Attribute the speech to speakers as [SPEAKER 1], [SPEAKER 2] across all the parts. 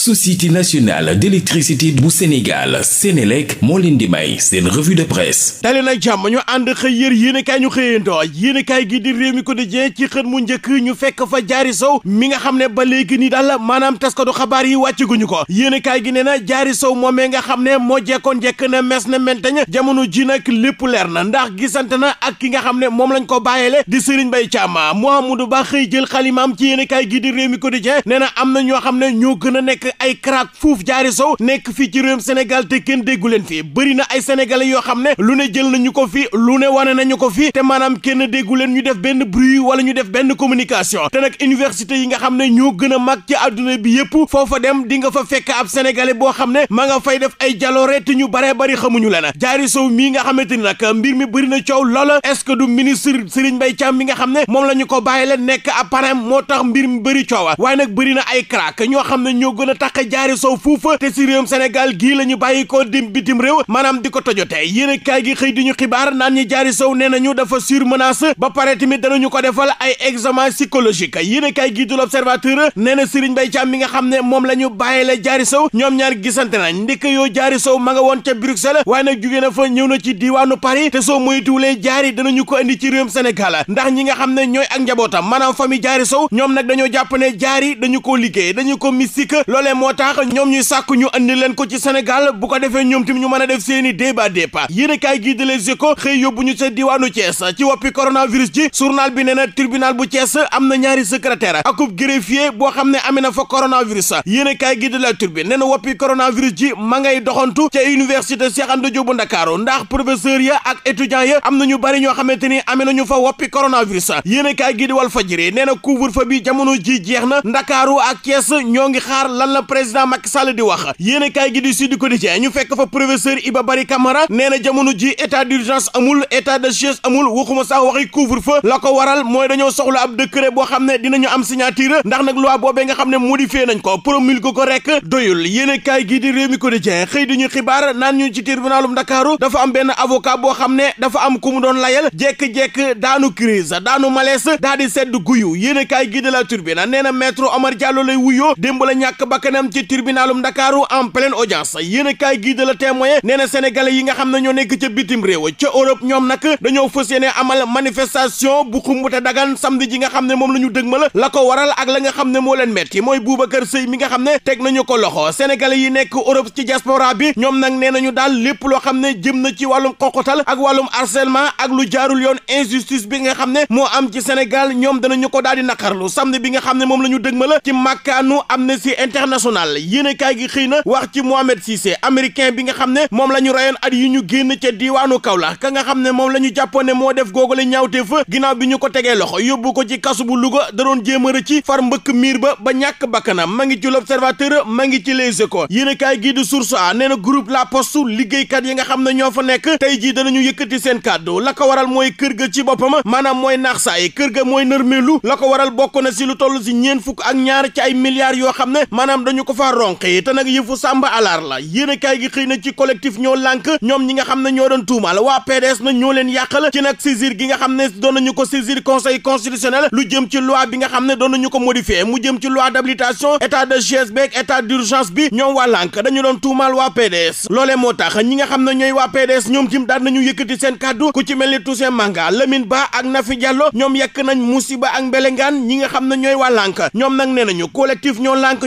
[SPEAKER 1] société nationale d'électricité bu Sénégal Sénélec moo leen di may seen revue de presse dali nag jàmm ñu ànd xëy yër yéenekaay ñu xëyandoo yéenekaay gi di Rewmi Quotidien ci xët mu njëkk ñu fekk fa jaari Sow mi nga xam ne ba léegi ni daal maanaam taskatu xabaar yi wàccaguñu ko yéenekaay gi nee na Diary Sow moomee nga xam ne moo jekkoon jekk na mes na menteñ jamono ji nag lépp leer na ndax gisante na ak ki nga xam ne moom lañ ko bàyyele di Serigne Mbaye Thiam Mouhamadou Ba xëy jël xalimaam ci yéenekaay gi di Rewmi Quotidien nee na am na ñoo xam ne ñoo gën a nekk ay karaak fuuf jaari sow nekk fii ci réewum Sénégal te kenn déggu leen fii bëri na ay sénégalais yoo xam ne lu ne jël nañu ko fi lu ne wane nañu ko fi te maanaam kenn déggu leen ñu def benn bruit wala ñu def benn communication te nag université yi nga xam ne ñoo gën a mag ci àdduna bi yépp foofa dem di nga fa fekk ab sénégalais boo xam ne ma nga fay def ay jaloore te ñu baree bari xamuñu leen jaari sow mii nga xamante ni nag mbir mi bëri na coow loola est-ce que du ministre Serigne Mbaye Thiam mi nga xam ne moom la ñu ko bàyyi leen nekk apparem moo tax mbir mi bëri coowa waaye nag bëri na ay crack ñoo xam tax jaari sow fuufa te si réewum Sénégal gii la ñu bàyyi ko dim bitim réew maanaam di ko tojote yéen a gi xëy di ñu xibaar naan ñi jaari sow nee nañu dafa sur menace ba pare dana ñu ko defal ay examen psychologique yéen a kaay gii du l'observateur nee na Serigne Mbaye Thiam mi nga xam ne moom la ñu bàyyi la jaari sow ñoom ñaar gisante nañ ndikk yoo jaari sow ma nga woon ca Bruxelles waaye nag jugee na fa ñëw na ci diiwaanu Paris te soo moytuwulee jaari danañu ko indi ci réewum Sénégal ndax ñi nga xam ne ñooy ak njabootam maanaam famille jaari sow ñoom nag dañoo jàpp ne jaari dañu ko liggéey dañu ko mystique loolee loolee moo tax ñoom ñuy sàkk ñu andi leen ko ci Sénégal bu ko defee ñoom tamit ñu mën a def seeni débat débat yéen a kaay gii de Les Échos xëy yóbbu ñu ca diwaanu Thiès ci woppi coronavirus ji journal bi nee na tribunal bu Thiès am na ñaari secrétaire akub greffier boo xam ne amee na fa coronavirus yéen a kaay gii de La Tribune nee na woppi coronavirus ji ma ngay doxantu ca Ndakaaru ndax professeur ya ak étudiants ya am na ñu bari ñoo xamante ni amee nañu fa woppi coronavirus yéen a kaay gii di Walf Fadjri nee na couvre-feu bi jamono ji jeex na Ndakaaru ak Thiès ñoo ngi xaar lan la la président Macky Sall di wax yéenekaay gi di Sud Quotidien ñu fekk fa professeur Iba Barry Camara nee na jamono ji état d'urgence amul état de siège amul waxuma sax waxi couvre-feu la ko waral mooy dañoo soxla ab décret boo xam ne dinañu am signature ndax nag loi boobee nga xam ne modifié nañ ko promulgué ko rek doyul yéenekaay gi di Rewmi Quotidien xëy di ñu xibaar naan ñu ci tribunalum Dakar dafa am benn avocat boo xam ne dafa am ku mu doon layal jekk-jekk daanu crise daanu malaise daal di sedd guyu yéenekaay gi di La Tribune nee na maître Omar Diallo lay wuyoo démb la ñàkk bakkan bakkanam ci tribunalum Ndakaaru en pleine audience yéen a kaay gii de la témoin nee na sénégalais yi nga xam ne ñoo nekk ca bitim réew ca Europe ñoom nag dañoo fas yéene amal manifestation bu xumbute dagan samedi ji nga xam ne moom la ñu dëgmal la ko waral ak la nga xam ne moo leen metti mooy Boubacar Sèye mi nga xam ne teg nañu ko loxo sénégalais yi nekk Europe ci diaspora bi ñoom nag nee nañu daal lépp loo xam ne jëm na ci wàllum xoqatal ak wàllum harcèlement ak lu jaarul yoon injustice bi nga xam ne moo am ci Sénégal ñoom danañu ko daal di naqarlu samedi bi nga xam ne moom la ñu dëgmal ci màkkaanu Amnesty International national yéenekaay gi xëy na wax ci Mohamed Cissé américain bi nga xam ne moom la ñu rayoon at yi ñu génn ca diiwaanu la ka nga xam ne moom la ñu jàppoon ne moo def googale ñaawteef ginnaaw bi ñu ko tegee loxo yóbbu ko ci kasu bu Louga da doon jéem a ci far mbëkk miir ba ba ñàkk bakkanam ma ngi ci l'Observateur ma ngi ci Les Échos yéenekaay gi di Source A nee na groupe La Poste liggéeykat yi nga xam ne ñoo fa nekk tey jii ñu yëkkati seen kàddu la ko waral mooy kër ga ci boppam maanaam mooy naax saay kër ga mooy nërmeelu la ko waral bokk na si lu toll si ñeen fukk ak ñaar ci ay milliards yoo xam ne ñu ko faa ronqi te nag yëfu sàmba alaar la yéen a gi xëy na ci collectif ñoo lànk ñoom ñi nga xam ne ñoo doon tuumal waa PDS na ñoo leen yàqal ci nag saisir gi nga xam ne doon nañu ko saisir conseil constitutionnel lu jëm ci loi bi nga xam ne doon nañu ko modifié mu jëm ci loi d'habilitation état de siège beeg état d'urgence bi ñoom waa lànk dañu doon tuumal waa PDS loolee moo tax ñi nga xam ne ñooy waa PDS ñoom tim daan nañu yëkkati seen kàddu ku ci mel ni Toussaint Manga Lamine Ba ak Nafi Diallo ñoom yekk nañ musiba ñi nga xam ne ñooy waa lànk ñoom nag nee nañu collectif ñoo lànk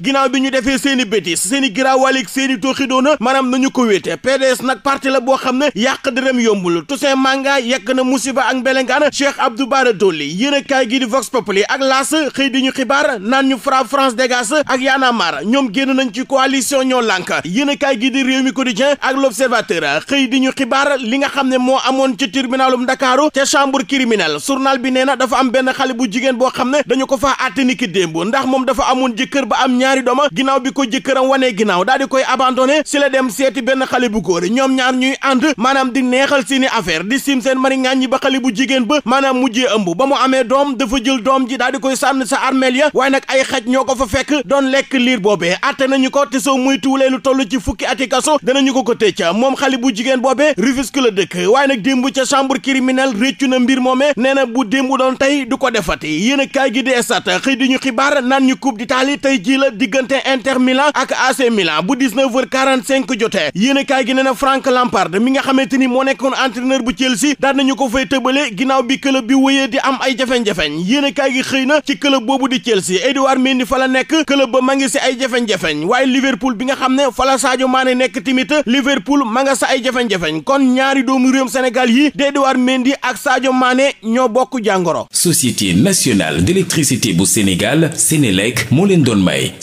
[SPEAKER 1] ginnaaw bi ñu defee seeni i seeni seen i giraawaalik seen i tooxidoona maanaam nañu ko wéete PDS nag parti la boo xam ne yàq dërëm yombul Toussaint Manga yegg na musiba ak mbelengaan Cheikh Abdou Bara Dolly yéen kaay gi di Vox Populi ak laas xëy di ñu xibaar naan ñu Fra France Dégage ak Y'en a ñoom génn nañ ci coalition ñoo lànk yéen kaay gi di Rewmi Quotidien ak L'Observateur xëy di ñu xibaar li nga xam ne moo amoon ci tribunalum Ndakaaru ca chambre criminelle journal bi nee na dafa am benn xale bu jigéen boo xam ne dañu ko faa àtte ni ndax moom dafa amoon jëkkër ba am ñaari dooma ginnaaw bi ko jëkkëram wanee ginnaaw daal di koy abandonné si la dem seeti benn xale bu góor ñoom ñaar ñuy ànd maanaam di neexal seeni affaire di sim seen mari ngaañ ba xale bu jigéen ba maanaam mujjee ëmb ba mu amee doom dafa jël doom ji daal di koy sànn sa armeel ya waaye nag ay xaj ñoo ko fa fekk doon lekk liir boobee atte nañu ko te soo muy tuulee lu toll ci fukki ati kaso danañu ko ko tëcca moom xale bu jigéen boobee Rufisque la dëkk waaye nag démb ca chambre criminelle réccu na mbir moomee nee na bu démb doon tey du ko defati yéen a kaay gi di estat xëy di ñu xibaar naan ñu coupe d'Italie tey ji la diggante Inter Milan ak AC Milan bu 19h45 jotee yéenekaay gi nee na Frank Lampard mi nga xamante ni moo nekkoon entraîneur bu Chelsea daan nañu ko fay tëbale ginnaaw bi club bi wëyee di am ay jafeñ-jafeñ yéenekaay gi xëy na ci club boobu di Chelsea Edouard Mendy fa la nekk club ba ma ngi si ay jafeñ-jafeñ waaye Liverpool bi nga xam ne fala la maane nekk tamit Liverpool ma nga sa ay jafeñ-jafeñ kon ñaari doomu réewum Sénégal yi di Edouard Mendy ak Sadio maane ñoo bokk jàngoro. Société nationale d'électricité bu Sénégal Sénélec moo leen doon may.